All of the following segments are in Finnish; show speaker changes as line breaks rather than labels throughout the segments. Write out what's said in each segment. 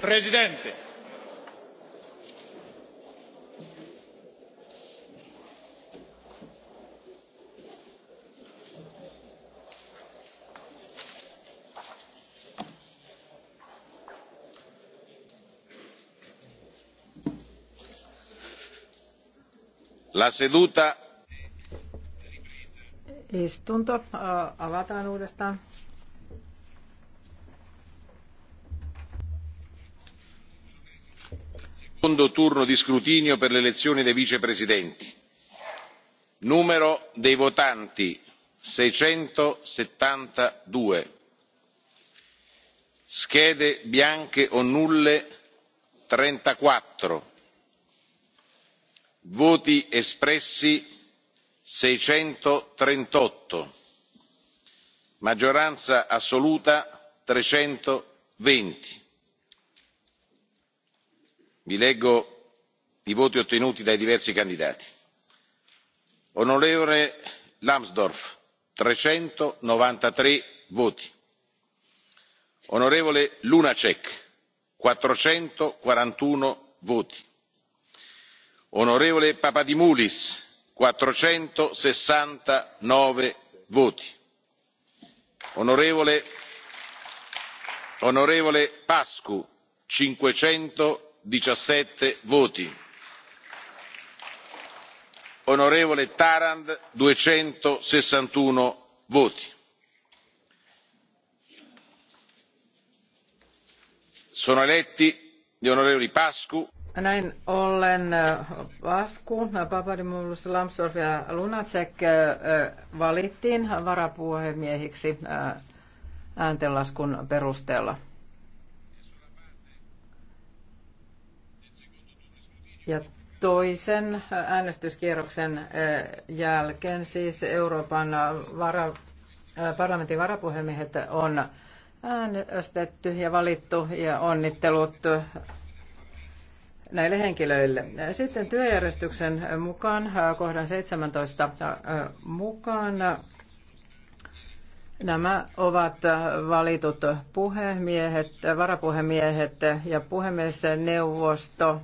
presidente la seduta
istunto avataan uudestaan.
secondo turno di scrutinio per l'elezione dei vicepresidenti numero dei votanti seicentosettantadue schede bianche o nulle trentaquattro voti espressi seicentotrentotto maggioranza assoluta trecentoventi vi leggo i voti ottenuti dai diversi candidati on. lambsdorff trecentonovantatre voti on. lunacek quattrocentoquarantuno voti on. papadimoulis quattrocentosessantanove voti on. pacu cinquecento diciassette voti onorevole tarand duecentosessantuno voti. sono eletti gli onorevoli pascu
näin ollen Vasku, äh, Papadimoulos, lambsdorff ja Lunacek äh, valittiin varapuhemiehiksi äh, ääntenlaskun perusteella. Ja toisen äänestyskierroksen äh, jälkeen siis Euroopan vara, äh, parlamentin varapuhemiehet on äänestetty ja valittu ja onnittelut näille henkilöille. Sitten työjärjestyksen mukaan, äh, kohdan 17 mukaan, nämä ovat valitut puhemiehet, varapuhemiehet ja puhemiesneuvosto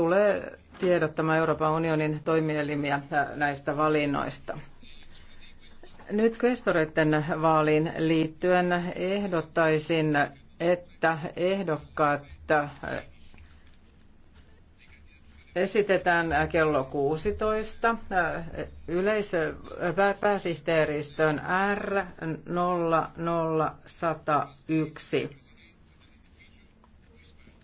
tulee tiedottamaan Euroopan unionin toimielimiä äh, näistä valinnoista. Nyt kestoreiden vaaliin liittyen ehdottaisin, että ehdokkaat äh, esitetään kello 16 äh, yleisö, R00101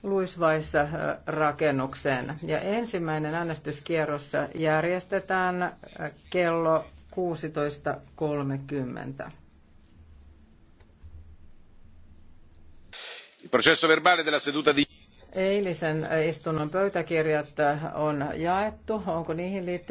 luisvaissa äh, rakennukseen. Ja ensimmäinen äänestyskierros järjestetään äh, kello 16.30.
Processo verbale della seduta di...
Eilisen äh, istunnon pöytäkirjat on jaettu. Onko niihin liittynyt?